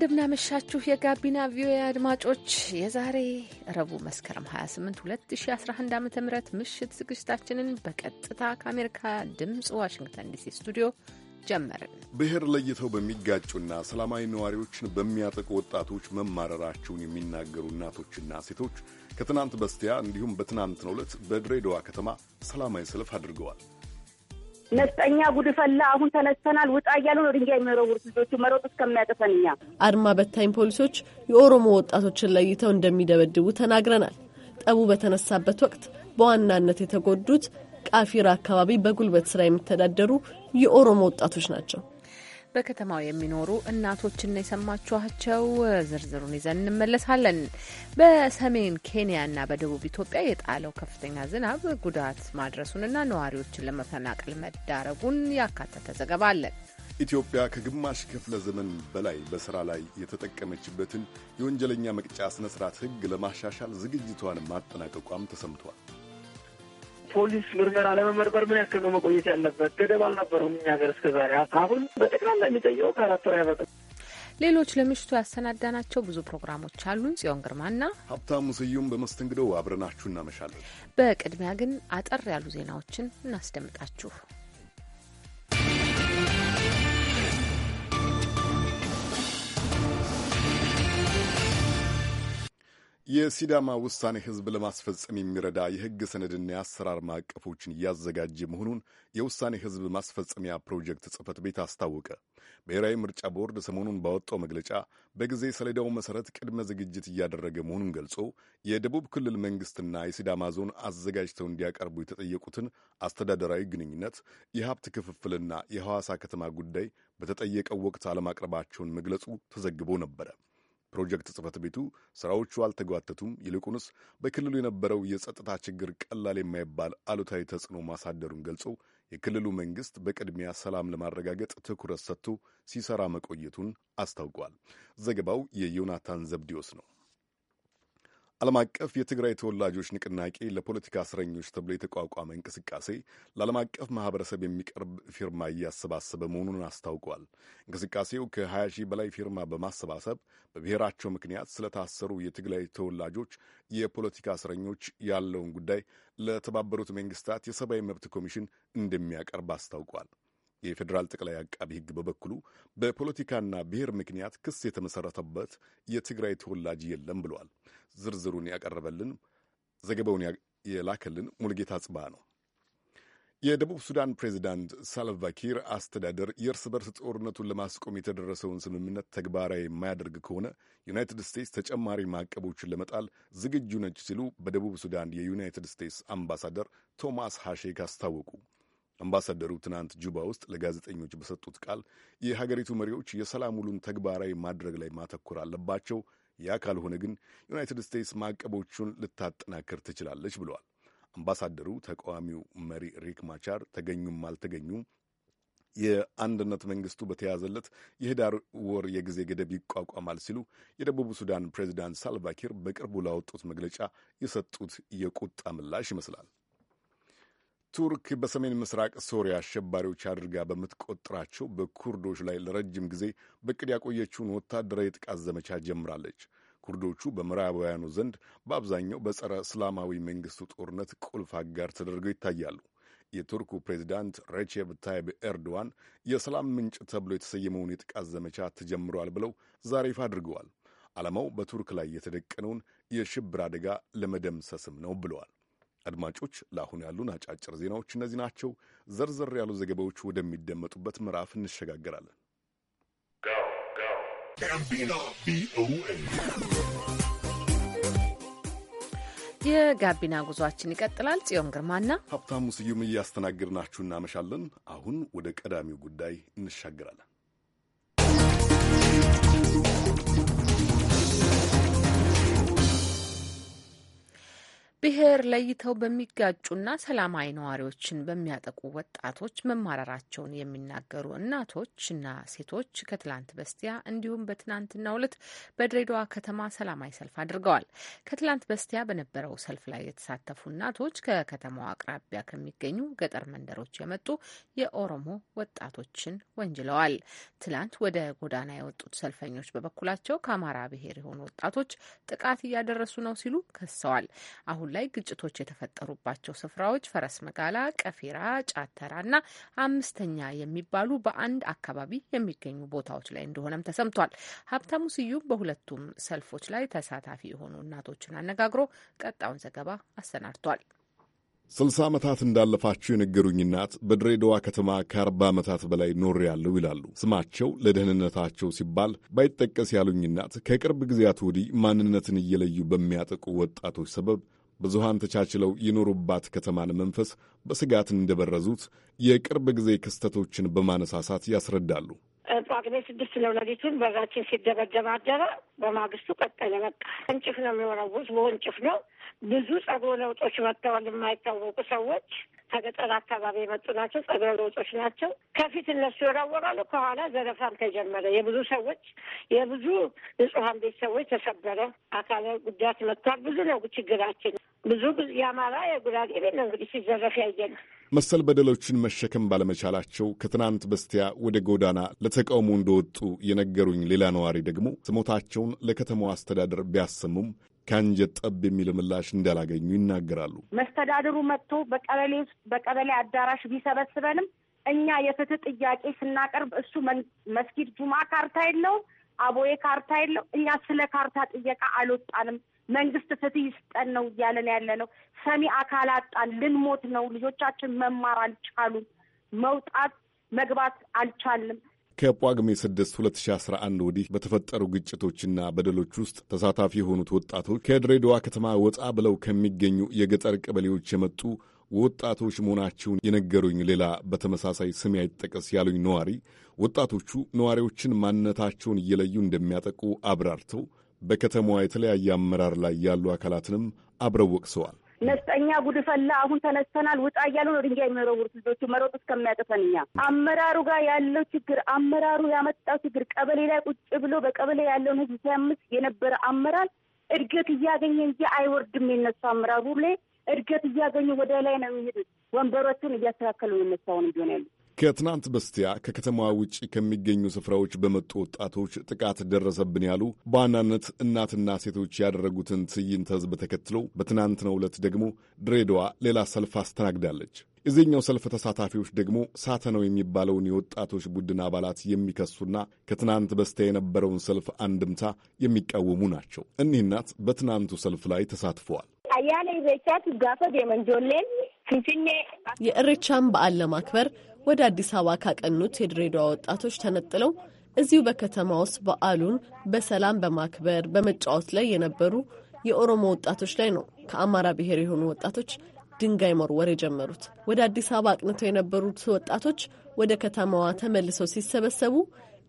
እንደምናመሻችሁ የጋቢና ቪኦኤ አድማጮች የዛሬ ረቡዕ መስከረም 28 2011 ዓ ም ምሽት ዝግጅታችንን በቀጥታ ከአሜሪካ ድምፅ ዋሽንግተን ዲሲ ስቱዲዮ ጀመርን። ብሔር ለይተው በሚጋጩና ሰላማዊ ነዋሪዎችን በሚያጠቁ ወጣቶች መማረራቸውን የሚናገሩ እናቶችና ሴቶች ከትናንት በስቲያ እንዲሁም በትናንትናው ዕለት በድሬዳዋ ከተማ ሰላማዊ ሰልፍ አድርገዋል። ነፍጠኛ ጉድፈላ አሁን ተነስተናል ውጣ እያሉ ነው ድንጋይ የሚወረውሩት ልጆቹ መሮጥ እስከሚያቅተን። እኛ አድማ በታኝ ፖሊሶች የኦሮሞ ወጣቶችን ለይተው እንደሚደበድቡ ተናግረናል። ጠቡ በተነሳበት ወቅት በዋናነት የተጎዱት ቃፊራ አካባቢ በጉልበት ስራ የሚተዳደሩ የኦሮሞ ወጣቶች ናቸው። በከተማው የሚኖሩ እናቶችን ነው የሰማችኋቸው። ዝርዝሩን ይዘን እንመለሳለን። በሰሜን ኬንያና በደቡብ ኢትዮጵያ የጣለው ከፍተኛ ዝናብ ጉዳት ማድረሱንና ነዋሪዎችን ለመፈናቀል መዳረጉን ያካተተ ዘገባ አለን። ኢትዮጵያ ከግማሽ ክፍለ ዘመን በላይ በሥራ ላይ የተጠቀመችበትን የወንጀለኛ መቅጫ ሥነ ሥርዓት ሕግ ለማሻሻል ዝግጅቷን ማጠናቀቋም ተሰምቷል። ፖሊስ ምርመራ ለመመርመር ምን ያክል ነው መቆየት ያለበት? ገደብ አልነበረውም እኛ ሀገር እስከ ዛሬ። አሁን በጠቅላላ የሚጠየቀው ከአራት ወር አይበቅም። ሌሎች ለምሽቱ ያሰናዳናቸው ብዙ ፕሮግራሞች አሉን። ጽዮን ግርማና ሀብታሙ ስዩም በመስተንግዶው አብረናችሁ እናመሻለን። በቅድሚያ ግን አጠር ያሉ ዜናዎችን እናስደምጣችሁ። የሲዳማ ውሳኔ ህዝብ ለማስፈጸም የሚረዳ የህግ ሰነድና የአሰራር ማዕቀፎችን እያዘጋጀ መሆኑን የውሳኔ ህዝብ ማስፈጸሚያ ፕሮጀክት ጽህፈት ቤት አስታወቀ። ብሔራዊ ምርጫ ቦርድ ሰሞኑን ባወጣው መግለጫ በጊዜ ሰሌዳው መሠረት ቅድመ ዝግጅት እያደረገ መሆኑን ገልጾ የደቡብ ክልል መንግሥትና የሲዳማ ዞን አዘጋጅተው እንዲያቀርቡ የተጠየቁትን አስተዳደራዊ ግንኙነት፣ የሀብት ክፍፍልና የሐዋሳ ከተማ ጉዳይ በተጠየቀው ወቅት አለማቅረባቸውን መግለጹ ተዘግቦ ነበረ። ፕሮጀክት ጽህፈት ቤቱ ሥራዎቹ አልተጓተቱም፣ ይልቁንስ በክልሉ የነበረው የጸጥታ ችግር ቀላል የማይባል አሉታዊ ተጽዕኖ ማሳደሩን ገልጾ የክልሉ መንግስት በቅድሚያ ሰላም ለማረጋገጥ ትኩረት ሰጥቶ ሲሰራ መቆየቱን አስታውቋል። ዘገባው የዮናታን ዘብዲዮስ ነው። ዓለም አቀፍ የትግራይ ተወላጆች ንቅናቄ ለፖለቲካ እስረኞች ተብሎ የተቋቋመ እንቅስቃሴ ለዓለም አቀፍ ማህበረሰብ የሚቀርብ ፊርማ እያሰባሰበ መሆኑን አስታውቋል። እንቅስቃሴው ከ20 ሺህ በላይ ፊርማ በማሰባሰብ በብሔራቸው ምክንያት ስለታሰሩ የትግራይ ተወላጆች የፖለቲካ እስረኞች ያለውን ጉዳይ ለተባበሩት መንግስታት የሰብአዊ መብት ኮሚሽን እንደሚያቀርብ አስታውቋል። የፌዴራል ጠቅላይ አቃቢ ሕግ በበኩሉ በፖለቲካና ብሔር ምክንያት ክስ የተመሰረተበት የትግራይ ተወላጅ የለም ብለዋል። ዝርዝሩን ያቀረበልን ዘገባውን የላከልን ሙልጌታ ጽባ ነው። የደቡብ ሱዳን ፕሬዚዳንት ሳልቫኪር አስተዳደር የእርስ በርስ ጦርነቱን ለማስቆም የተደረሰውን ስምምነት ተግባራዊ የማያደርግ ከሆነ ዩናይትድ ስቴትስ ተጨማሪ ማዕቀቦችን ለመጣል ዝግጁ ነች ሲሉ በደቡብ ሱዳን የዩናይትድ ስቴትስ አምባሳደር ቶማስ ሃሼክ አስታወቁ። አምባሳደሩ ትናንት ጁባ ውስጥ ለጋዜጠኞች በሰጡት ቃል የሀገሪቱ መሪዎች የሰላም ውሉን ተግባራዊ ማድረግ ላይ ማተኮር አለባቸው፣ ያ ካልሆነ ግን ዩናይትድ ስቴትስ ማዕቀቦቹን ልታጠናክር ትችላለች ብለዋል። አምባሳደሩ ተቃዋሚው መሪ ሪክ ማቻር ተገኙም አልተገኙም የአንድነት መንግስቱ በተያዘለት የህዳር ወር የጊዜ ገደብ ይቋቋማል ሲሉ የደቡብ ሱዳን ፕሬዚዳንት ሳልቫኪር በቅርቡ ላወጡት መግለጫ የሰጡት የቁጣ ምላሽ ይመስላል። ቱርክ በሰሜን ምስራቅ ሶሪያ አሸባሪዎች አድርጋ በምትቆጥራቸው በኩርዶች ላይ ለረጅም ጊዜ በቅድ ያቆየችውን ወታደራዊ ጥቃት ዘመቻ ጀምራለች። ኩርዶቹ በምዕራባውያኑ ዘንድ በአብዛኛው በጸረ እስላማዊ መንግስቱ ጦርነት ቁልፍ አጋር ተደርገው ይታያሉ። የቱርኩ ፕሬዚዳንት ሬቼፕ ታይብ ኤርዶዋን የሰላም ምንጭ ተብሎ የተሰየመውን የጥቃት ዘመቻ ተጀምረዋል ብለው ዛሬ ይፋ አድርገዋል። ዓላማው በቱርክ ላይ የተደቀነውን የሽብር አደጋ ለመደምሰስም ነው ብለዋል። አድማጮች፣ ለአሁን ያሉን አጫጭር ዜናዎች እነዚህ ናቸው። ዘርዘር ያሉ ዘገባዎች ወደሚደመጡበት ምዕራፍ እንሸጋገራለን። የጋቢና ጉዟችን ይቀጥላል። ጽዮን ግርማና ሀብታሙ ስዩም እያስተናገድናችሁ እናመሻለን። አሁን ወደ ቀዳሚው ጉዳይ እንሻገራለን። ብሔር ለይተው በሚጋጩና ሰላማዊ ነዋሪዎችን በሚያጠቁ ወጣቶች መማረራቸውን የሚናገሩ እናቶችና ሴቶች ከትላንት በስቲያ እንዲሁም በትናንትናው ሁለት በድሬዳዋ ከተማ ሰላማዊ ሰልፍ አድርገዋል። ከትላንት በስቲያ በነበረው ሰልፍ ላይ የተሳተፉ እናቶች ከከተማዋ አቅራቢያ ከሚገኙ ገጠር መንደሮች የመጡ የኦሮሞ ወጣቶችን ወንጅለዋል። ትላንት ወደ ጎዳና የወጡት ሰልፈኞች በበኩላቸው ከአማራ ብሔር የሆኑ ወጣቶች ጥቃት እያደረሱ ነው ሲሉ ከሰዋል። አሁን አሁን ላይ ግጭቶች የተፈጠሩባቸው ስፍራዎች ፈረስ መጋላ፣ ቀፌራ፣ ጫተራ እና አምስተኛ የሚባሉ በአንድ አካባቢ የሚገኙ ቦታዎች ላይ እንደሆነም ተሰምቷል። ሀብታሙ ስዩም በሁለቱም ሰልፎች ላይ ተሳታፊ የሆኑ እናቶችን አነጋግሮ ቀጣዩን ዘገባ አሰናድቷል። ስልሳ ዓመታት እንዳለፋቸው የነገሩኝ እናት በድሬዳዋ ከተማ ከአርባ ዓመታት በላይ ያለው ይላሉ። ስማቸው ለደህንነታቸው ሲባል ባይጠቀስ ያሉኝ እናት ከቅርብ ጊዜያት ወዲህ ማንነትን እየለዩ በሚያጠቁ ወጣቶች ሰበብ ብዙሃን ተቻችለው የኖሩባት ከተማን መንፈስ በስጋት እንደበረዙት የቅርብ ጊዜ ክስተቶችን በማነሳሳት ያስረዳሉ። ጳጉሜ ስድስት ነው ሌሊቱን በራችን ሲደበደብ አደረ። በማግስቱ ቀጠለ። በቃ እንጭፍ ነው የሚወረውት በወንጭፍ ነው። ብዙ ጸጉረ ለውጦች መጥተዋል። የማይታወቁ ሰዎች ከገጠር አካባቢ የመጡ ናቸው። ጸጉረ ለውጦች ናቸው። ከፊት እነሱ ይወራወራሉ፣ ከኋላ ዘረፋም ተጀመረ። የብዙ ሰዎች የብዙ ንጹሐን ቤተሰቦች ተሰበረ። አካለ ጉዳት መጥቷል። ብዙ ነው ችግራችን። ብዙ የአማራ የጉራጌ ቤት ነው እንግዲህ ሲዘረፍ ያየነ መሰል በደሎችን መሸከም ባለመቻላቸው ከትናንት በስቲያ ወደ ጎዳና ለተቃውሞ እንደወጡ የነገሩኝ ሌላ ነዋሪ ደግሞ ስሞታቸውን ለከተማው አስተዳደር ቢያሰሙም ከአንጀት ጠብ የሚል ምላሽ እንዳላገኙ ይናገራሉ። መስተዳድሩ መጥቶ በቀበሌ ውስጥ በቀበሌ አዳራሽ ቢሰበስበንም እኛ የፍትህ ጥያቄ ስናቀርብ እሱ መስጊድ ጁማ ካርታ የለውም፣ አቦዬ ካርታ የለው። እኛ ስለ ካርታ ጥየቃ አልወጣንም። መንግስት ፍትህ ይስጠን ነው እያለን ያለ ነው። ሰሚ አካል አጣን። ልንሞት ነው። ልጆቻችን መማር አልቻሉም። መውጣት መግባት አልቻልም። ከጳጉሜ 6 2011 ወዲህ በተፈጠሩ ግጭቶችና በደሎች ውስጥ ተሳታፊ የሆኑት ወጣቶች ከድሬዳዋ ከተማ ወጣ ብለው ከሚገኙ የገጠር ቀበሌዎች የመጡ ወጣቶች መሆናቸውን የነገሩኝ ሌላ በተመሳሳይ ስም አይጠቀስ ያሉኝ ነዋሪ ወጣቶቹ ነዋሪዎችን ማንነታቸውን እየለዩ እንደሚያጠቁ አብራርተው በከተማዋ የተለያየ አመራር ላይ ያሉ አካላትንም አብረው ወቅሰዋል። ነፍጠኛ ጉድፈላ አሁን ተነስተናል ውጣ እያሉ ነው ድንጋይ የሚወረውሩት ልጆቹ መሮጥ እስከሚያቅተን። እኛ አመራሩ ጋር ያለው ችግር አመራሩ ያመጣው ችግር ቀበሌ ላይ ቁጭ ብሎ በቀበሌ ያለውን ህዝብ ሲያምስ የነበረ አመራር እድገት እያገኘ እንጂ አይወርድም። የነሱ አመራሩ ላይ እድገት እያገኙ ወደ ላይ ነው የሚሄዱት። ወንበሮቹን እያስተካከሉ የነሳውን ቢሆን ያሉት ከትናንት በስቲያ ከከተማዋ ውጭ ከሚገኙ ስፍራዎች በመጡ ወጣቶች ጥቃት ደረሰብን ያሉ በዋናነት እናትና ሴቶች ያደረጉትን ትዕይንተ ህዝብ ተከትሎ በትናንትናው ዕለት ደግሞ ድሬዳዋ ሌላ ሰልፍ አስተናግዳለች። የዚህኛው ሰልፍ ተሳታፊዎች ደግሞ ሳተነው የሚባለውን የወጣቶች ቡድን አባላት የሚከሱና ከትናንት በስቲያ የነበረውን ሰልፍ አንድምታ የሚቃወሙ ናቸው። እኒህ እናት በትናንቱ ሰልፍ ላይ ተሳትፈዋል። አያሌ ኢሬቻ ትጋፈ የመንጆሌን የእሬቻን በዓል ለማክበር ወደ አዲስ አበባ ካቀኑት የድሬዳዋ ወጣቶች ተነጥለው እዚሁ በከተማ ውስጥ በዓሉን በሰላም በማክበር በመጫወት ላይ የነበሩ የኦሮሞ ወጣቶች ላይ ነው ከአማራ ብሔር የሆኑ ወጣቶች ድንጋይ መወርወር የጀመሩት። ወደ አዲስ አበባ አቅንተው የነበሩት ወጣቶች ወደ ከተማዋ ተመልሰው ሲሰበሰቡ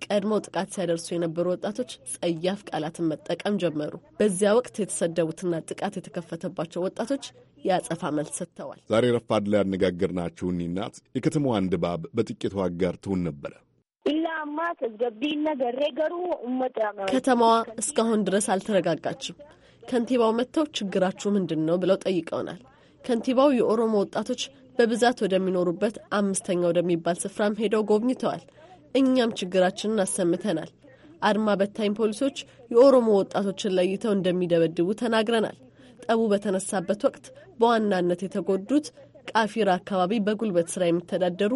ቀድመው ጥቃት ሲያደርሱ የነበሩ ወጣቶች ጸያፍ ቃላትን መጠቀም ጀመሩ። በዚያ ወቅት የተሰደቡትና ጥቃት የተከፈተባቸው ወጣቶች የአጸፋ መልስ ሰጥተዋል። ዛሬ ረፋድ ላይ ያነጋገርናቸው እኒ እናት የከተማዋን ድባብ በጥቂቱ አጋርተውን ነበረ። ከተማዋ እስካሁን ድረስ አልተረጋጋችም። ከንቲባው መጥተው ችግራችሁ ምንድን ነው ብለው ጠይቀውናል። ከንቲባው የኦሮሞ ወጣቶች በብዛት ወደሚኖሩበት አምስተኛ ወደሚባል ስፍራም ሄደው ጎብኝተዋል። እኛም ችግራችንን አሰምተናል። አድማ በታኝ ፖሊሶች የኦሮሞ ወጣቶችን ለይተው እንደሚደበድቡ ተናግረናል። ጠቡ በተነሳበት ወቅት በዋናነት የተጎዱት ቃፊራ አካባቢ በጉልበት ሥራ የሚተዳደሩ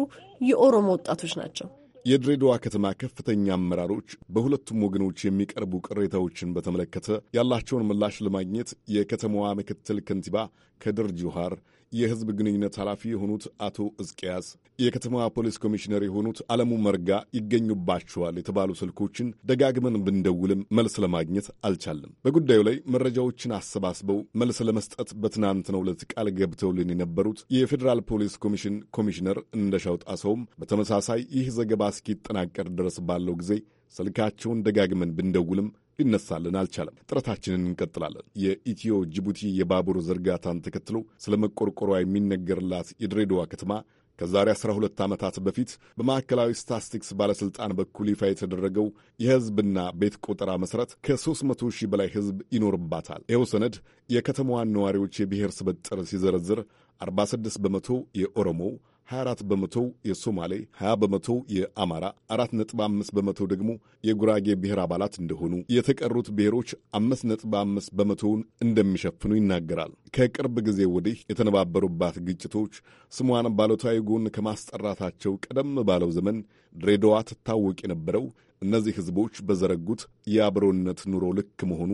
የኦሮሞ ወጣቶች ናቸው። የድሬዳዋ ከተማ ከፍተኛ አመራሮች በሁለቱም ወገኖች የሚቀርቡ ቅሬታዎችን በተመለከተ ያላቸውን ምላሽ ለማግኘት የከተማዋ ምክትል ከንቲባ ከድር ጁሃር የህዝብ ግንኙነት ኃላፊ የሆኑት አቶ እዝቅያስ፣ የከተማዋ ፖሊስ ኮሚሽነር የሆኑት አለሙ መርጋ ይገኙባቸዋል የተባሉ ስልኮችን ደጋግመን ብንደውልም መልስ ለማግኘት አልቻለም። በጉዳዩ ላይ መረጃዎችን አሰባስበው መልስ ለመስጠት በትናንትናው ዕለት ቃል ገብተውልን የነበሩት የፌዴራል ፖሊስ ኮሚሽን ኮሚሽነር እንደሻው ጣሰውም በተመሳሳይ ይህ ዘገባ እስኪጠናቀር ድረስ ባለው ጊዜ ስልካቸውን ደጋግመን ብንደውልም ሊነሳልን አልቻለም። ጥረታችንን እንቀጥላለን። የኢትዮ ጅቡቲ የባቡር ዝርጋታን ተከትሎ ስለ መቆርቆሯ የሚነገርላት የድሬዳዋ ከተማ ከዛሬ 12 ዓመታት በፊት በማዕከላዊ ስታስቲክስ ባለሥልጣን በኩል ይፋ የተደረገው የሕዝብና ቤት ቆጠራ መሠረት ከ300 ሺህ በላይ ሕዝብ ይኖርባታል። ይኸው ሰነድ የከተማዋን ነዋሪዎች የብሔር ስበጥር ሲዘረዝር 46 በመቶ የኦሮሞ 24 በመቶ የሶማሌ፣ 20 በመቶ የአማራ፣ 4.5 በመቶ ደግሞ የጉራጌ ብሔር አባላት እንደሆኑ የተቀሩት ብሔሮች 5.5 በመቶውን እንደሚሸፍኑ ይናገራል። ከቅርብ ጊዜ ወዲህ የተነባበሩባት ግጭቶች ስሟን ባሉታዊ ጎን ከማስጠራታቸው ቀደም ባለው ዘመን ድሬዳዋ ትታወቅ የነበረው እነዚህ ሕዝቦች በዘረጉት የአብሮነት ኑሮ ልክ መሆኑ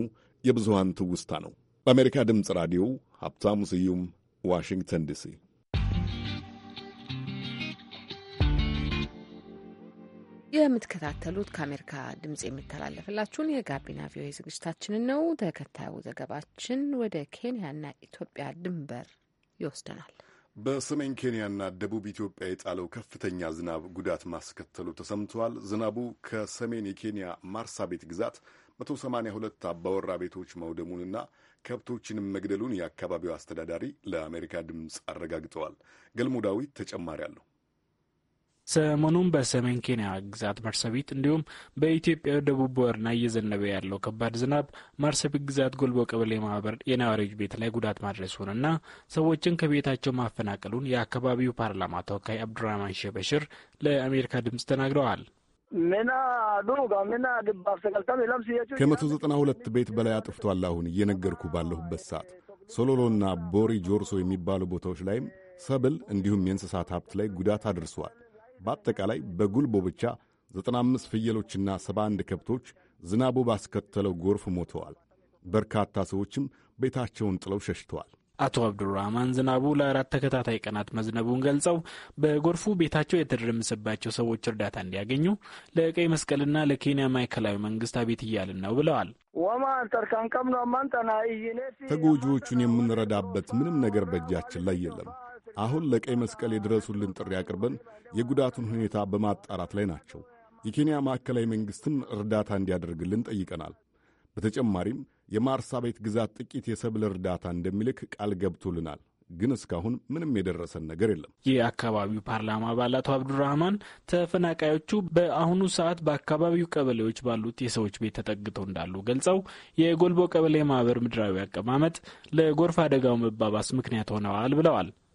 የብዙሃን ትውስታ ነው። በአሜሪካ ድምፅ ራዲዮ ሀብታሙ ስዩም ዋሽንግተን ዲሲ የምትከታተሉት ከአሜሪካ ድምጽ የሚተላለፍላችሁን የጋቢና ቪኦኤ ዝግጅታችንን ነው። ተከታዩ ዘገባችን ወደ ኬንያና ኢትዮጵያ ድንበር ይወስደናል። በሰሜን ኬንያና ደቡብ ኢትዮጵያ የጣለው ከፍተኛ ዝናብ ጉዳት ማስከተሉ ተሰምተዋል። ዝናቡ ከሰሜን የኬንያ ማርሳ ቤት ግዛት 182 አባወራ ቤቶች መውደሙንና ከብቶችንም መግደሉን የአካባቢው አስተዳዳሪ ለአሜሪካ ድምፅ አረጋግጠዋል። ገልሞ ዳዊት ተጨማሪ አለሁ ሰሞኑን በሰሜን ኬንያ ግዛት መርሰቢት እንዲሁም በኢትዮጵያ ደቡብ ቦረና እየዘነበ ያለው ከባድ ዝናብ መርሰቢት ግዛት ጎልቦ ቀበሌ ማህበር የነዋሪዎች ቤት ላይ ጉዳት ማድረሱንና ሰዎችን ከቤታቸው ማፈናቀሉን የአካባቢው ፓርላማ ተወካይ አብዱራህማን ሸበሽር ለአሜሪካ ድምፅ ተናግረዋል። ከመቶ ዘጠና ሁለት ቤት በላይ አጥፍቷል። አሁን እየነገርኩ ባለሁበት ሰዓት ሶሎሎና ቦሪ ጆርሶ የሚባሉ ቦታዎች ላይም ሰብል እንዲሁም የእንስሳት ሀብት ላይ ጉዳት አድርሰዋል። በአጠቃላይ በጉልቦ ብቻ 95 ፍየሎችና 71 ከብቶች ዝናቡ ባስከተለው ጎርፍ ሞተዋል። በርካታ ሰዎችም ቤታቸውን ጥለው ሸሽተዋል። አቶ አብዱራህማን ዝናቡ ለአራት ተከታታይ ቀናት መዝነቡን ገልጸው በጎርፉ ቤታቸው የተደረመሰባቸው ሰዎች እርዳታ እንዲያገኙ ለቀይ መስቀልና ለኬንያ ማዕከላዊ መንግስት አቤት እያልን ነው ብለዋል። ተጎጂዎቹን የምንረዳበት ምንም ነገር በእጃችን ላይ የለም። አሁን ለቀይ መስቀል የድረሱልን ጥሪ አቅርበን የጉዳቱን ሁኔታ በማጣራት ላይ ናቸው። የኬንያ ማዕከላዊ መንግሥትም እርዳታ እንዲያደርግልን ጠይቀናል። በተጨማሪም የማርሳ ቤት ግዛት ጥቂት የሰብል እርዳታ እንደሚልክ ቃል ገብቶልናል። ግን እስካሁን ምንም የደረሰን ነገር የለም። የአካባቢው ፓርላማ አቶ አብዱራህማን ተፈናቃዮቹ በአሁኑ ሰዓት በአካባቢው ቀበሌዎች ባሉት የሰዎች ቤት ተጠግተው እንዳሉ ገልጸው የጎልቦ ቀበሌ ማህበር ምድራዊ አቀማመጥ ለጎርፍ አደጋው መባባስ ምክንያት ሆነዋል ብለዋል።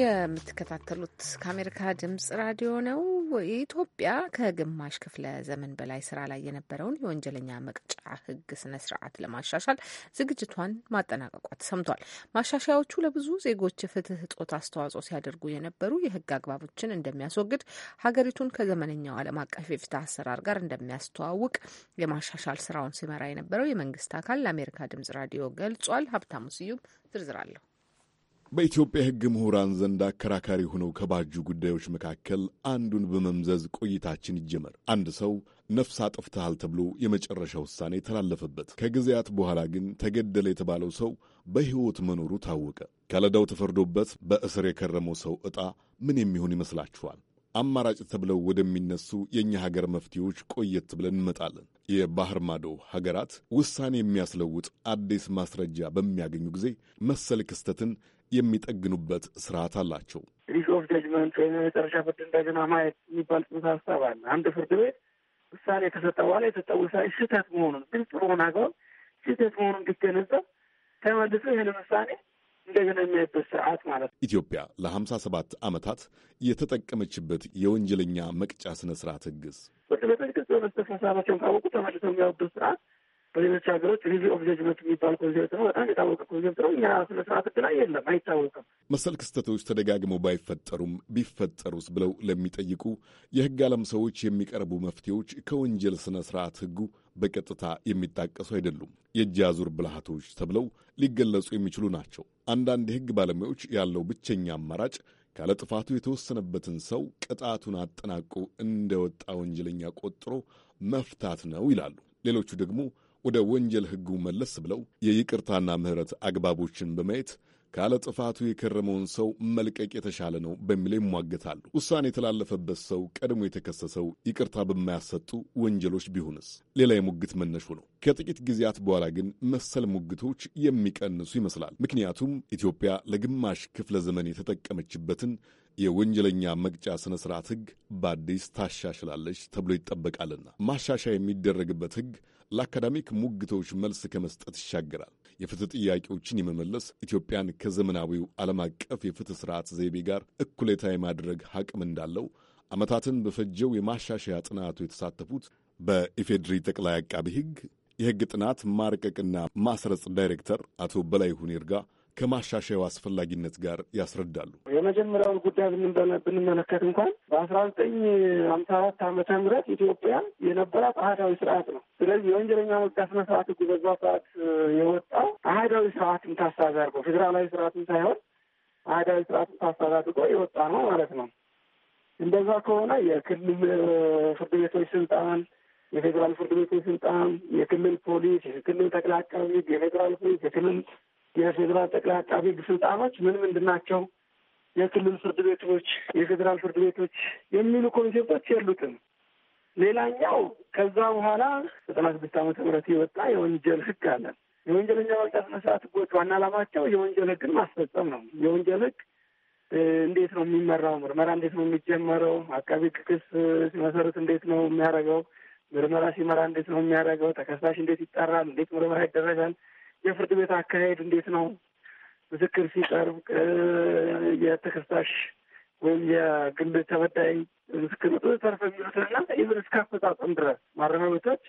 የምትከታተሉት ከአሜሪካ ድምጽ ራዲዮ ነው። ኢትዮጵያ ከግማሽ ክፍለ ዘመን በላይ ስራ ላይ የነበረውን የወንጀለኛ መቅጫ ሕግ ስነ ስርዓት ለማሻሻል ዝግጅቷን ማጠናቀቋ ተሰምቷል። ማሻሻያዎቹ ለብዙ ዜጎች ፍትህ እጦት አስተዋጽኦ ሲያደርጉ የነበሩ የሕግ አግባቦችን እንደሚያስወግድ፣ ሀገሪቱን ከዘመነኛው ዓለም አቀፍ የፍትህ አሰራር ጋር እንደሚያስተዋውቅ የማሻሻል ስራውን ሲመራ የነበረው የመንግስት አካል ለአሜሪካ ድምጽ ራዲዮ ገልጿል። ሀብታሙ ስዩም ዝርዝራለሁ በኢትዮጵያ የሕግ ምሁራን ዘንድ አከራካሪ ሆነው ከባጁ ጉዳዮች መካከል አንዱን በመምዘዝ ቆይታችን ይጀመር። አንድ ሰው ነፍስ አጥፍተሃል ተብሎ የመጨረሻ ውሳኔ ተላለፈበት። ከጊዜያት በኋላ ግን ተገደለ የተባለው ሰው በሕይወት መኖሩ ታወቀ። ከለዳው ተፈርዶበት በእስር የከረመው ሰው ዕጣ ምን የሚሆን ይመስላችኋል? አማራጭ ተብለው ወደሚነሱ የእኛ ሀገር መፍትሄዎች ቆየት ብለን እንመጣለን። የባህር ማዶ ሀገራት ውሳኔ የሚያስለውጥ አዲስ ማስረጃ በሚያገኙ ጊዜ መሰል ክስተትን የሚጠግኑበት ስርዓት አላቸው። ሪስ ኦፍ ጀጅመንት ወይም የመጨረሻ ፍርድ እንደገና ማየት የሚባል ጽንሰ ሀሳብ አለ። አንድ ፍርድ ቤት ውሳኔ ከሰጠ በኋላ የሰጠ ውሳኔ ስህተት መሆኑን ግልጽ በሆነ አግባብ ስህተት መሆኑን እንዲገነዘብ ተመልሶ ይህን ውሳኔ እንደገና የሚያይበት ስርዓት ማለት ነው። ኢትዮጵያ ለሀምሳ ሰባት ዓመታት የተጠቀመችበት የወንጀለኛ መቅጫ ስነ ስርዓት ህግስ ፍርድ ቤቶች ግልጽ በመስተሳሳባቸውን ካወቁ ተመልሰው የሚያዩበት ስርዓት በሌሎች ሀገሮች ሪቪው ኦፍ ጀጅመንት የሚባል ኮንሴፕት ነው። በጣም የታወቀ ኮንሴፕት ነው። እኛ ስነ ስርዓት ላይ የለም፣ አይታወቅም። መሰል ክስተቶች ተደጋግመው ባይፈጠሩም ቢፈጠሩስ ብለው ለሚጠይቁ የህግ ዓለም ሰዎች የሚቀርቡ መፍትሄዎች ከወንጀል ስነ ስርዓት ህጉ በቀጥታ የሚጣቀሱ አይደሉም። የእጅ አዙር ብልሃቶች ተብለው ሊገለጹ የሚችሉ ናቸው። አንዳንድ የህግ ባለሙያዎች ያለው ብቸኛ አማራጭ ካለ ጥፋቱ የተወሰነበትን ሰው ቅጣቱን አጠናቆ እንደወጣ ወንጀለኛ ቆጥሮ መፍታት ነው ይላሉ። ሌሎቹ ደግሞ ወደ ወንጀል ሕጉ መለስ ብለው የይቅርታና ምሕረት አግባቦችን በማየት ካለ ጥፋቱ የከረመውን ሰው መልቀቅ የተሻለ ነው በሚል ይሟገታሉ። ውሳኔ የተላለፈበት ሰው ቀድሞ የተከሰሰው ይቅርታ በማያሰጡ ወንጀሎች ቢሆንስ ሌላ የሙግት መነሹ ነው። ከጥቂት ጊዜያት በኋላ ግን መሰል ሙግቶች የሚቀንሱ ይመስላል። ምክንያቱም ኢትዮጵያ ለግማሽ ክፍለ ዘመን የተጠቀመችበትን የወንጀለኛ መቅጫ ስነ ስርዓት ህግ በአዲስ ታሻሽላለች ተብሎ ይጠበቃልና ማሻሻያ የሚደረግበት ህግ ለአካዳሚክ ሙግቶች መልስ ከመስጠት ይሻገራል። የፍትህ ጥያቄዎችን የመመለስ ኢትዮጵያን ከዘመናዊው ዓለም አቀፍ የፍትህ ስርዓት ዘይቤ ጋር እኩሌታ የማድረግ አቅም እንዳለው ዓመታትን በፈጀው የማሻሻያ ጥናቱ የተሳተፉት በኢፌድሪ ጠቅላይ አቃቢ ህግ የህግ ጥናት ማርቀቅና ማስረጽ ዳይሬክተር አቶ በላይ ይርጋ ከማሻሻዩ አስፈላጊነት ጋር ያስረዳሉ። የመጀመሪያውን ጉዳይ ብንመለከት እንኳን በአስራ ዘጠኝ ሀምሳ አራት ዓመተ ምህረት ኢትዮጵያ የነበራት አህዳዊ ስርዓት ነው። ስለዚህ የወንጀለኛ መቅጫ ስነ ስርዓት ህጉ በዛ ሰዓት የወጣው አህዳዊ ስርዓትን ታሳቢ አድርጎ ፌዴራላዊ ስርዓትን ሳይሆን አህዳዊ ስርዓትን ታሳቢ አድርጎ የወጣ ነው ማለት ነው። እንደዛ ከሆነ የክልል ፍርድ ቤቶች ስልጣን የፌዴራል ፍርድ ቤቶች ስልጣን፣ የክልል ፖሊስ፣ የክልል ጠቅላይ አቃቤ ሕግ፣ የፌዴራል ፖሊስ፣ የክልል የፌዴራል ጠቅላይ አቃቢ ህግ ስልጣኖች ምን ምንድን ናቸው፣ የክልል ፍርድ ቤቶች፣ የፌዴራል ፍርድ ቤቶች የሚሉ ኮንሴፕቶች የሉትም። ሌላኛው ከዛ በኋላ ዘጠና ስድስት ዓመተ ምህረት የወጣ የወንጀል ህግ አለ። የወንጀለኛ መቅጫ ስነ ስርዓት ዋና ዓላማቸው የወንጀል ህግን ማስፈጸም ነው። የወንጀል ህግ እንዴት ነው የሚመራው? ምርመራ እንዴት ነው የሚጀመረው? አቃቤ ሕግ ክስ ሲመሰርት እንዴት ነው የሚያደርገው? ምርመራ ሲመራ እንዴት ነው የሚያደርገው? ተከሳሽ እንዴት ይጠራል? እንዴት ምርመራ ይደረጋል? የፍርድ ቤት አካሄድ እንዴት ነው? ምስክር ሲቀርብ የተከሳሽ ወይም የግል ተበዳይ ምስክር ተርፈ የሚሉትንና ኢቨን እስከ አፈጻጸም ድረስ ማረሚያ ቤቶች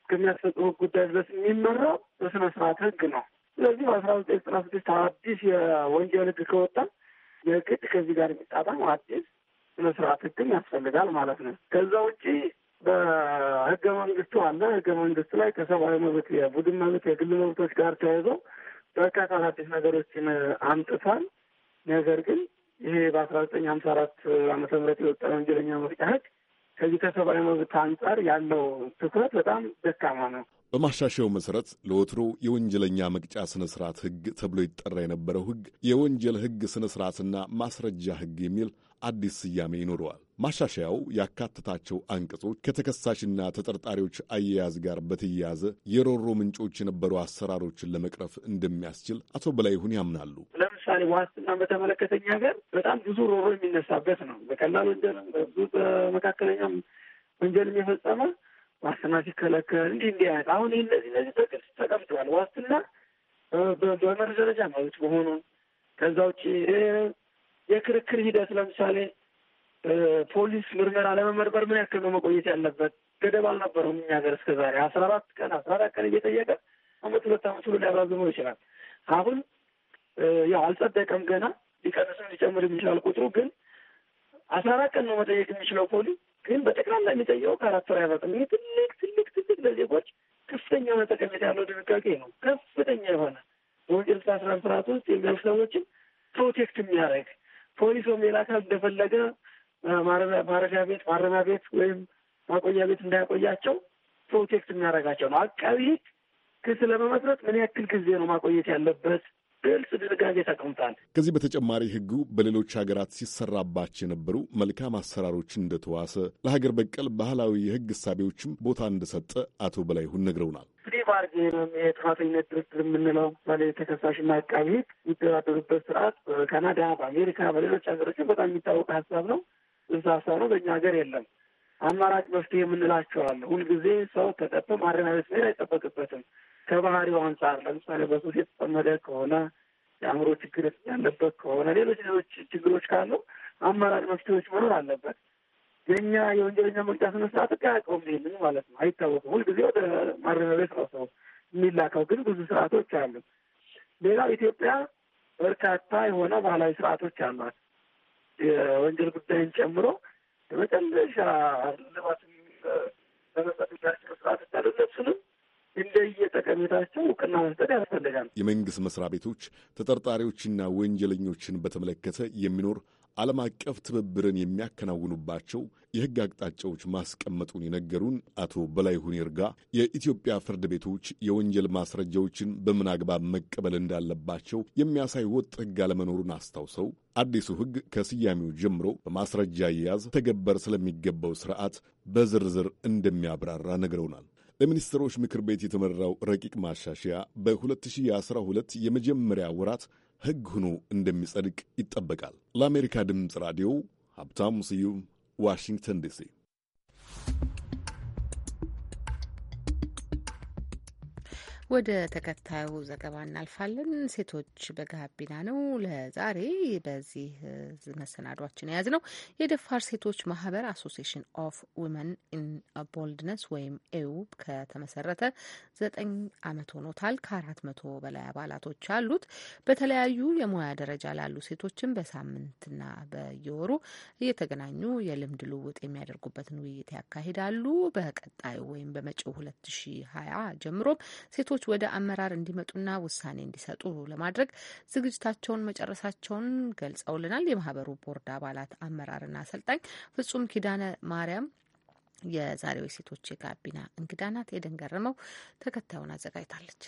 እስከሚያስፈጽሙት ጉዳይ ድረስ የሚመራው በስነ ስርዓት ህግ ነው። ስለዚህ በአስራ ዘጠኝ ዘጠና ስድስት አዲስ የወንጀል ህግ ከወጣ የግድ ከዚህ ጋር የሚጣጣም አዲስ ስነ ስርዓት ህግም ያስፈልጋል ማለት ነው። ከዛ ውጪ በህገ መንግስቱ አለ። ህገ መንግስቱ ላይ ከሰብአዊ መብት፣ የቡድን መብት፣ የግል መብቶች ጋር ተያይዘው በርካታ አዳዲስ ነገሮችን አምጥቷል። ነገር ግን ይሄ በአስራ ዘጠኝ ሀምሳ አራት አመተ ምህረት የወጣ ወንጀለኛ መቅጫ ህግ ከዚህ ከሰብአዊ መብት አንጻር ያለው ትኩረት በጣም ደካማ ነው። በማሻሻው መሰረት ለወትሮ የወንጀለኛ መቅጫ ስነ ስርዓት ህግ ተብሎ ይጠራ የነበረው ህግ የወንጀል ህግ ስነ ስርዓትና ማስረጃ ህግ የሚል አዲስ ስያሜ ይኖረዋል። ማሻሻያው ያካተታቸው አንቀጾች ከተከሳሽና ተጠርጣሪዎች አያያዝ ጋር በተያያዘ የሮሮ ምንጮች የነበሩ አሰራሮችን ለመቅረፍ እንደሚያስችል አቶ በላይሁን ያምናሉ። ለምሳሌ ዋስትናን በተመለከተኛ ሀገር በጣም ብዙ ሮሮ የሚነሳበት ነው። በቀላል ወንጀል፣ በብዙ ወንጀል የፈጸመ ዋስትና ሲከለከል እንዲህ እንዲህ አይነት አሁን እነዚህ እነዚህ በግልጽ ተቀምጠዋል። ዋስትና በመርህ ደረጃ መብት መሆኑን ከዛ ውጭ የክርክር ሂደት ለምሳሌ ፖሊስ ምርመራ ለመመርመር ምን ያክል ነው መቆየት ያለበት? ገደብ አልነበረውም። እኛ ሀገር እስከ ዛሬ አስራ አራት ቀን አስራ አራት ቀን እየጠየቀ አመት ሁለት አመት ሁሉ ሊያራዝመው ይችላል። አሁን ያው አልጸደቀም ገና ሊቀንስም ሊጨምር የሚችላል ቁጥሩ ግን አስራ አራት ቀን ነው መጠየቅ የሚችለው ፖሊስ ግን በጠቅላላ የሚጠየቀው ከአራት ወር አይበቅም። ይህ ትልቅ ትልቅ ትልቅ ለዜጎች ከፍተኛ የሆነ ጠቀሜታ ያለው ድንጋጌ ነው። ከፍተኛ የሆነ በወንጀል ስራ ስርዓት ውስጥ የሚያሉ ሰዎችን ፕሮቴክት የሚያደርግ ፖሊስ ሌላ አካል እንደፈለገ ማረፊያ ቤት፣ ማረሚያ ቤት ወይም ማቆያ ቤት እንዳያቆያቸው ፕሮቴክት የሚያደርጋቸው ነው። አቃቢ ክስ ለመመስረት ምን ያክል ጊዜ ነው ማቆየት ያለበት? ግልጽ ድንጋጌ ተቀምጧል። ከዚህ በተጨማሪ ህጉ በሌሎች ሀገራት ሲሰራባቸው የነበሩ መልካም አሰራሮችን እንደተዋሰ፣ ለሀገር በቀል ባህላዊ የህግ እሳቤዎችም ቦታ እንደሰጠ አቶ በላይሁን ነግረውናል። አሪፍ አድርጌ ነው የጥፋተኝነት ድርድር የምንለው ለምሳሌ ተከሳሽና አቃቢ ሕግ የሚደራደሩበት ስርዓት በካናዳ፣ በአሜሪካ፣ በሌሎች ሀገሮችን በጣም የሚታወቅ ሀሳብ ነው። እዛ ሀሳብ ነው በእኛ ሀገር የለም። አማራጭ መፍትሄ የምንላቸዋለ ሁልጊዜ ሰው ተጠቶ ማረሚያ ቤት መሄድ አይጠበቅበትም። ከባህሪው አንጻር ለምሳሌ በሱስ የተጠመደ ከሆነ የአእምሮ ችግር ያለበት ከሆነ ሌሎች ሌሎች ችግሮች ካሉ አማራጭ መፍትሄዎች መኖር አለበት። የእኛ የወንጀለኛ መቅጫ ስነ ስርዓት እኮ አያውቀውም ይሄንን ማለት ነው። አይታወቅም። ሁልጊዜ ወደ ማረሚያ ቤት ነው ሰው የሚላከው። ግን ብዙ ስርዓቶች አሉ። ሌላው ኢትዮጵያ በርካታ የሆነ ባህላዊ ስርዓቶች አሏት። የወንጀል ጉዳይን ጨምሮ በመጨረሻ ልባት ለመሰጥ ያስችሉ ስርዓቶች እንደየጠቀሜታቸው እውቅና መስጠት ያስፈልጋል። የመንግስት መስሪያ ቤቶች ተጠርጣሪዎችና ወንጀለኞችን በተመለከተ የሚኖር ዓለም አቀፍ ትብብርን የሚያከናውኑባቸው የሕግ አቅጣጫዎች ማስቀመጡን የነገሩን አቶ በላይሁን ይርጋ የኢትዮጵያ ፍርድ ቤቶች የወንጀል ማስረጃዎችን በምን አግባብ መቀበል እንዳለባቸው የሚያሳይ ወጥ ሕግ አለመኖሩን አስታውሰው አዲሱ ሕግ ከስያሜው ጀምሮ በማስረጃ አያያዝ ተገበር ስለሚገባው ስርዓት በዝርዝር እንደሚያብራራ ነግረውናል። ለሚኒስትሮች ምክር ቤት የተመራው ረቂቅ ማሻሻያ በ2012 የመጀመሪያ ወራት ሕግ ሆኖ እንደሚጸድቅ ይጠበቃል። ለአሜሪካ ድምፅ ራዲዮ ሀብታሙ ስዩም ዋሽንግተን ዲሲ ወደ ተከታዩ ዘገባ እናልፋለን። ሴቶች በጋቢና ነው ለዛሬ በዚህ መሰናዷችን የያዝ ነው። የደፋር ሴቶች ማህበር አሶሲሽን ኦፍ ውመን ኢን ቦልድነስ ወይም ኤዩብ ከተመሰረተ ዘጠኝ አመት ሆኖታል። ከአራት መቶ በላይ አባላቶች አሉት። በተለያዩ የሙያ ደረጃ ላሉ ሴቶችን በሳምንትና በየወሩ እየተገናኙ የልምድ ልውውጥ የሚያደርጉበትን ውይይት ያካሂዳሉ። በቀጣዩ ወይም በመጪው ሀያ ጀምሮም ሴቶች ወጣቶች ወደ አመራር እንዲመጡና ውሳኔ እንዲሰጡ ለማድረግ ዝግጅታቸውን መጨረሳቸውን ገልጸውልናል። የማህበሩ ቦርድ አባላት አመራርና አሰልጣኝ ፍጹም ኪዳነ ማርያም የዛሬው የሴቶች የጋቢና እንግዳ ናት። ኤደን ገረመው ተከታዩን አዘጋጅታለች።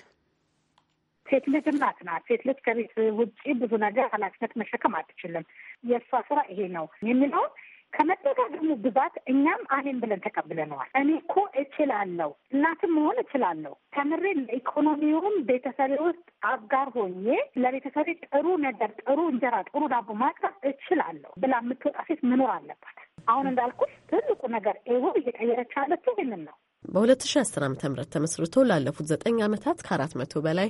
ሴት ልጅ እናት ናት። ሴት ልጅ ከቤት ውጭ ብዙ ነገር ኃላፊነት መሸከም አትችልም። የእሷ ስራ ይሄ ነው የሚለውን ከመደጋገሙ ብዛት እኛም አሜን ብለን ተቀብለነዋል። እኔ እኮ እችላለሁ፣ እናትም መሆን እችላለሁ። ተምሬ ለኢኮኖሚውም ቤተሰቤ ውስጥ አጋር ሆኜ ለቤተሰቤ ጥሩ ነገር፣ ጥሩ እንጀራ፣ ጥሩ ዳቦ ማቅረብ እችላለሁ ብላ የምትወጣ ሴት መኖር አለባት። አሁን እንዳልኩት ትልቁ ነገር ይሁ እየቀየረች ያለችው ይህንን ነው። በ2010 ዓ ም ተመስርቶ ላለፉት ዘጠኝ ዓመታት ከ400 በላይ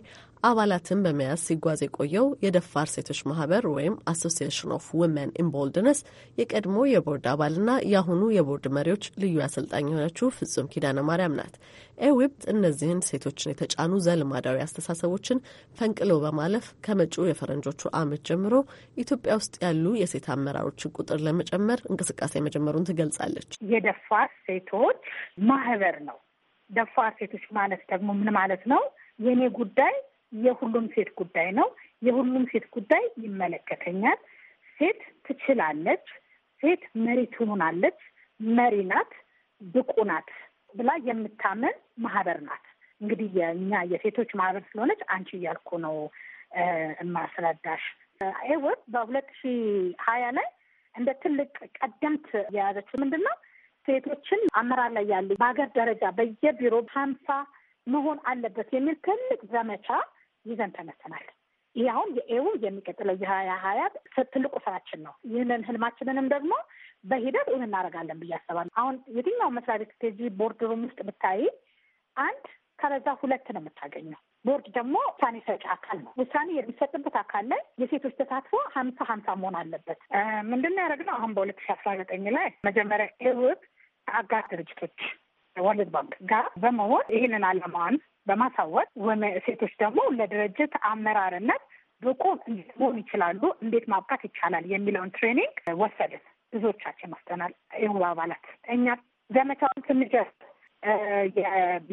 አባላትን በመያዝ ሲጓዝ የቆየው የደፋር ሴቶች ማህበር ወይም አሶሲሽን ኦፍ ውመን ኢምቦልድነስ የቀድሞ የቦርድ አባልና የአሁኑ የቦርድ መሪዎች ልዩ አሰልጣኝ የሆነችው ፍጹም ኪዳነ ማርያም ናት። ኤዊብት እነዚህን ሴቶችን የተጫኑ ዘልማዳዊ አስተሳሰቦችን ፈንቅሎ በማለፍ ከመጪው የፈረንጆቹ ዓመት ጀምሮ ኢትዮጵያ ውስጥ ያሉ የሴት አመራሮችን ቁጥር ለመጨመር እንቅስቃሴ መጀመሩን ትገልጻለች። የደፋር ሴቶች ማህበር ደፋር ሴቶች ማለት ደግሞ ምን ማለት ነው? የእኔ ጉዳይ የሁሉም ሴት ጉዳይ ነው። የሁሉም ሴት ጉዳይ ይመለከተኛል። ሴት ትችላለች፣ ሴት መሪ ትሆናለች፣ መሪ ናት፣ ብቁ ናት ብላ የምታምን ማህበር ናት። እንግዲህ የእኛ የሴቶች ማህበር ስለሆነች አንቺ እያልኩ ነው የማስረዳሽ። ይህ በሁለት ሺህ ሀያ ላይ እንደ ትልቅ ቀደምት የያዘችው ምንድን ነው ሴቶችን አመራር ላይ ያሉ በሀገር ደረጃ በየቢሮ ሀምሳ መሆን አለበት የሚል ትልቅ ዘመቻ ይዘን ተነስተናል። ይህ አሁን የኤው የሚቀጥለው የሀያ ሀያ ትልቁ ስራችን ነው። ይህንን ህልማችንንም ደግሞ በሂደት እውን እናደርጋለን ብዬ አስባለሁ። አሁን የትኛው መስሪያ ቤት ቴጂ ቦርድ ሩም ውስጥ ብታይ አንድ ከበዛ ሁለት ነው የምታገኘው። ቦርድ ደግሞ ውሳኔ ሰጪ አካል ነው። ውሳኔ የሚሰጥበት አካል ላይ የሴቶች ተሳትፎ ሀምሳ ሀምሳ መሆን አለበት። ምንድን ነው ያደረግነው? አሁን በሁለት ሺ አስራ ዘጠኝ ላይ መጀመሪያ ኤውብ ከአጋር ድርጅቶች ወርልድ ባንክ ጋር በመሆን ይህንን አለማን በማሳወቅ ሴቶች ደግሞ ለድርጅት አመራርነት ብቁ እንዴት መሆን ይችላሉ፣ እንዴት ማብቃት ይቻላል የሚለውን ትሬኒንግ ወሰድን። ብዙዎቻችን መስተናል። ይሁ አባላት እኛ ዘመቻውን ስንጀስ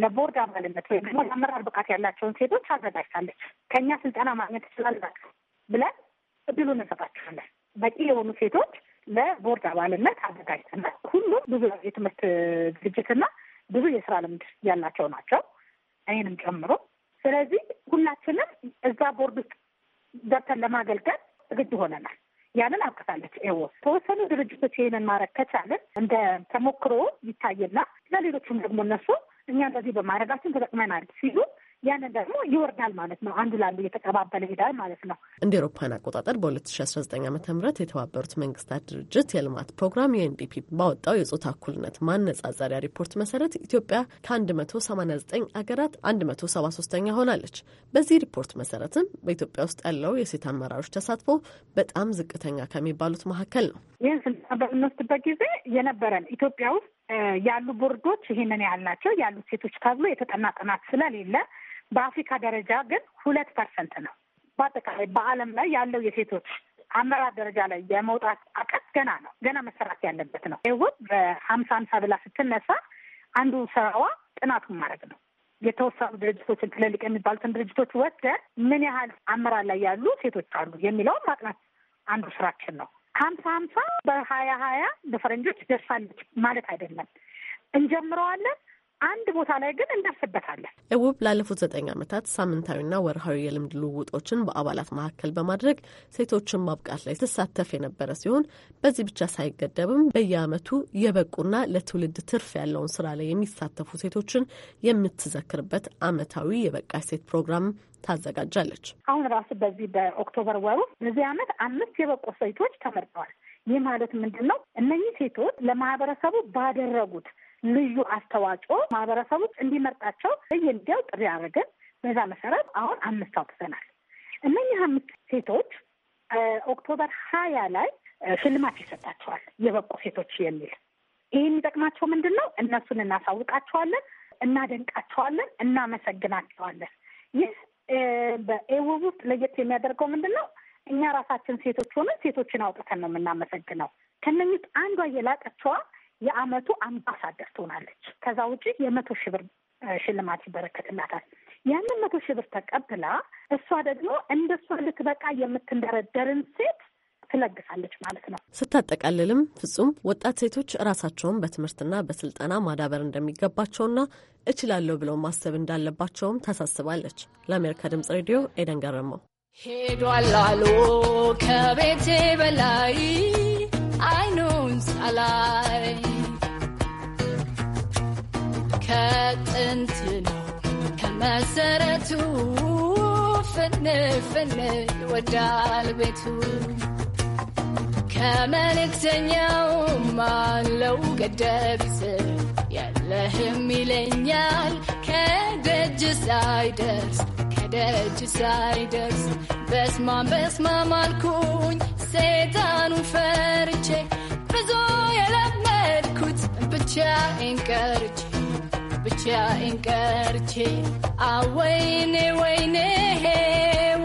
ለቦርድ አባልነት ወይም ደግሞ ለአመራር ብቃት ያላቸውን ሴቶች አዘጋጅታለች። ከእኛ ስልጠና ማግኘት ትችላላችሁ ብለን እድሉን እንሰጣችኋለን። በቂ የሆኑ ሴቶች ለቦርድ አባልነት አዘጋጅተናል። ብዙ የትምህርት ድርጅትና ብዙ የስራ ልምድ ያላቸው ናቸው እኔንም ጨምሮ። ስለዚህ ሁላችንም እዛ ቦርድ ውስጥ ገብተን ለማገልገል ዝግጁ ሆነናል። ያንን አብቅታለች ኤዎ ተወሰኑ ድርጅቶች ይህንን ማድረግ ከቻለን እንደ ተሞክሮ ይታይና ለሌሎቹም ደግሞ እነሱ እኛ እንደዚህ በማድረጋችን ተጠቅመናል ሲሉ ያንን ደግሞ ይወርዳል ማለት ነው። አንዱ ለአንዱ እየተቀባበለ ሄዳል ማለት ነው። እንደ ኤሮፓን አቆጣጠር በ2019 ዓ ም የተባበሩት መንግስታት ድርጅት የልማት ፕሮግራም ዩኤንዲፒ ባወጣው የጾታ እኩልነት ማነጻጸሪያ ሪፖርት መሰረት ኢትዮጵያ ከ189 አገራት 173ኛ ሆናለች። በዚህ ሪፖርት መሰረትም በኢትዮጵያ ውስጥ ያለው የሴት አመራሮች ተሳትፎ በጣም ዝቅተኛ ከሚባሉት መካከል ነው። ይህን ስልጠና በምንወስድበት ጊዜ የነበረን ኢትዮጵያ ውስጥ ያሉ ቦርዶች ይህንን ያህል ናቸው ያሉት ሴቶች ተብሎ የተጠና ጥናት ስለሌለ በአፍሪካ ደረጃ ግን ሁለት ፐርሰንት ነው። በአጠቃላይ በዓለም ላይ ያለው የሴቶች አመራር ደረጃ ላይ የመውጣት አቀት ገና ነው፣ ገና መሰራት ያለበት ነው። ይሁን በሀምሳ ሀምሳ ብላ ስትነሳ አንዱ ስራዋ ጥናቱን ማድረግ ነው። የተወሰኑ ድርጅቶችን ትልልቅ የሚባሉትን ድርጅቶች ወስደን ምን ያህል አመራር ላይ ያሉ ሴቶች አሉ የሚለውን ማጥናት አንዱ ስራችን ነው። ሀምሳ ሀምሳ በሀያ ሀያ በፈረንጆች ደርሳለች ማለት አይደለም። እንጀምረዋለን አንድ ቦታ ላይ ግን እንደርስበታለን። እውብ ላለፉት ዘጠኝ ዓመታት ሳምንታዊና ወርሃዊ የልምድ ልውውጦችን በአባላት መካከል በማድረግ ሴቶችን ማብቃት ላይ ትሳተፍ የነበረ ሲሆን በዚህ ብቻ ሳይገደብም በየዓመቱ የበቁና ለትውልድ ትርፍ ያለውን ስራ ላይ የሚሳተፉ ሴቶችን የምትዘክርበት ዓመታዊ የበቃች ሴት ፕሮግራም ታዘጋጃለች። አሁን ራሱ በዚህ በኦክቶበር ወሩ በዚህ ዓመት አምስት የበቁ ሴቶች ተመርጠዋል። ይህ ማለት ምንድን ነው? እነኚህ ሴቶች ለማህበረሰቡ ባደረጉት ልዩ አስተዋጽኦ ማህበረሰቦች እንዲመርጣቸው በየሚዲያው ጥሪ አድርገን በዛ መሰረት አሁን አምስት አውጥተናል። እነኚህ አምስት ሴቶች ኦክቶበር ሀያ ላይ ሽልማት ይሰጣቸዋል። የበቁ ሴቶች የሚል ይህ የሚጠቅማቸው ምንድን ነው? እነሱን እናሳውቃቸዋለን፣ እናደንቃቸዋለን፣ እናመሰግናቸዋለን። ይህ በኤውብ ውስጥ ለየት የሚያደርገው ምንድን ነው? እኛ ራሳችን ሴቶች ሆነን ሴቶችን አውጥተን ነው የምናመሰግነው። ከነኚህ ውስጥ አንዷ የላቀችዋ የአመቱ አምባሳደር ትሆናለች። ከዛ ውጭ የመቶ ሺህ ብር ሽልማት ይበረከትላታል። ያንን መቶ ሺህ ብር ተቀብላ እሷ ደግሞ እንደ እሷ በቃ የምትንደረደርን ሴት ትለግሳለች ማለት ነው። ስታጠቃልልም ፍጹም ወጣት ሴቶች ራሳቸውን በትምህርትና በስልጠና ማዳበር እንደሚገባቸውና እችላለሁ ብለው ማሰብ እንዳለባቸውም ታሳስባለች። ለአሜሪካ ድምጽ ሬዲዮ ኤደን ገረመው። ሄዷል አሉ ከቤቴ በላይ አይኑን ሳላይ ከጥንት ነው ከመሰረቱ ፍን ፍን ወዳል ቤቱ ከመልእክተኛው ማለው ገደብ ስር የለህም ይለኛል ከደጅ ሳይደርስ ከደጅ ሳይደርስ በስማም በስማም አልኩኝ ሰይጣኑ ፈርቼ ብዙ የለመድኩት ብቻ ቀርቼ ብቻዬን ቀርቼ አወይኔ ወይኔ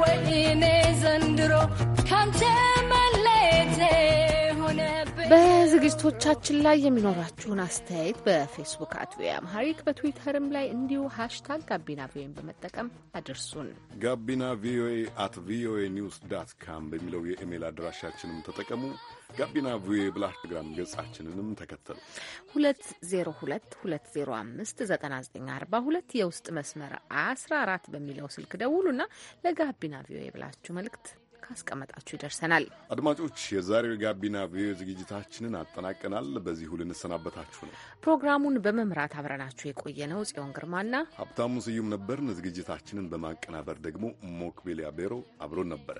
ወይኔ ዘንድሮ ካንተ በዝግጅቶቻችን ላይ የሚኖራችሁን አስተያየት በፌስቡክ አት ቪኦኤ አምሃሪክ በትዊተርም ላይ እንዲሁ ሃሽታግ ጋቢና ቪኦኤን በመጠቀም አድርሱን። ጋቢና ቪኦኤ አት ቪኦኤ ኒውስ ዳት ካም በሚለው የኢሜይል አድራሻችንም ተጠቀሙ። ጋቢና ቪኦኤ ብላ ቴሌግራም ገጻችንንም ተከተሉ። 2022059942 የውስጥ መስመር 14 በሚለው ስልክ ደውሉና ለጋቢና ቪኦኤ ብላችሁ መልእክት ካስቀመጣችሁ ይደርሰናል። አድማጮች፣ የዛሬው የጋቢና ቪኦኤ ዝግጅታችንን አጠናቀናል። በዚሁ ልንሰናበታችሁ ነው። ፕሮግራሙን በመምራት አብረናችሁ የቆየ ነው ጽዮን ግርማና ሀብታሙ ስዩም ነበርን። ዝግጅታችንን በማቀናበር ደግሞ ሞክቤሊያ ቤሮ አብሮን ነበረ።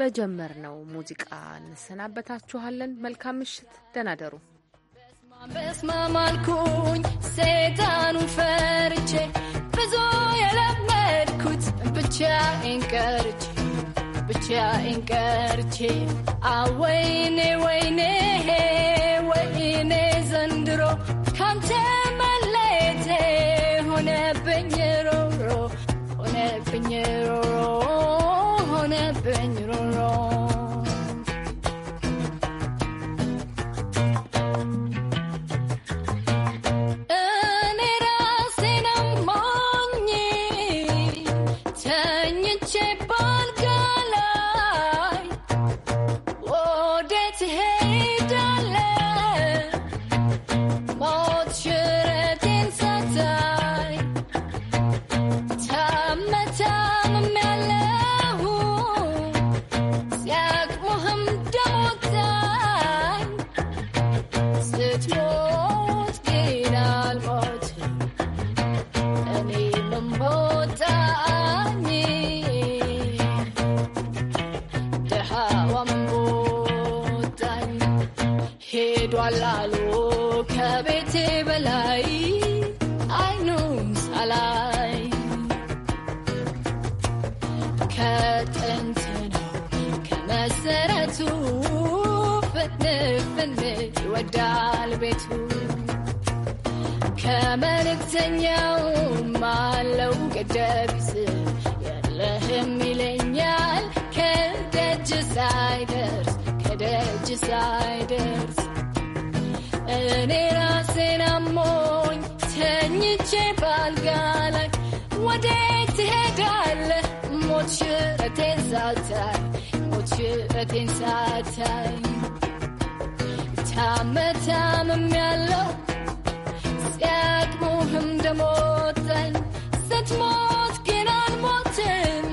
በጀመርነው ሙዚቃ እንሰናበታችኋለን። መልካም ምሽት፣ ደህና ደሩ። በስማማልኩኝ ፈርቼ ብዙ የለመድኩት ብቻ ቀርቼ ብቻዬን ቀርቼ አወይኔ ወይኔ ወይኔ ዘንድሮ ካንተ መለየቴ ሆነብኝ ሮሮ ሆነብኝ ሮሮ ከጥንት ነው ከመሰረቱ ፍንፍ ፍንፍ ይወዳል ቤቱ ከመልእክተኛው ማለው ገደቢስ የለህም ይለኛል ከደጅ ሳይደርስ ከደጅ ሳይደርስ እኔ ራሴን አሞኝ ተኝቼ ባልጋ ላይ ወዴት ትሄዳለህ? time, saltai, gucurătin saltai. Tame, tame mi-alo, siat muhim de motin, sunt mot, gin al motin,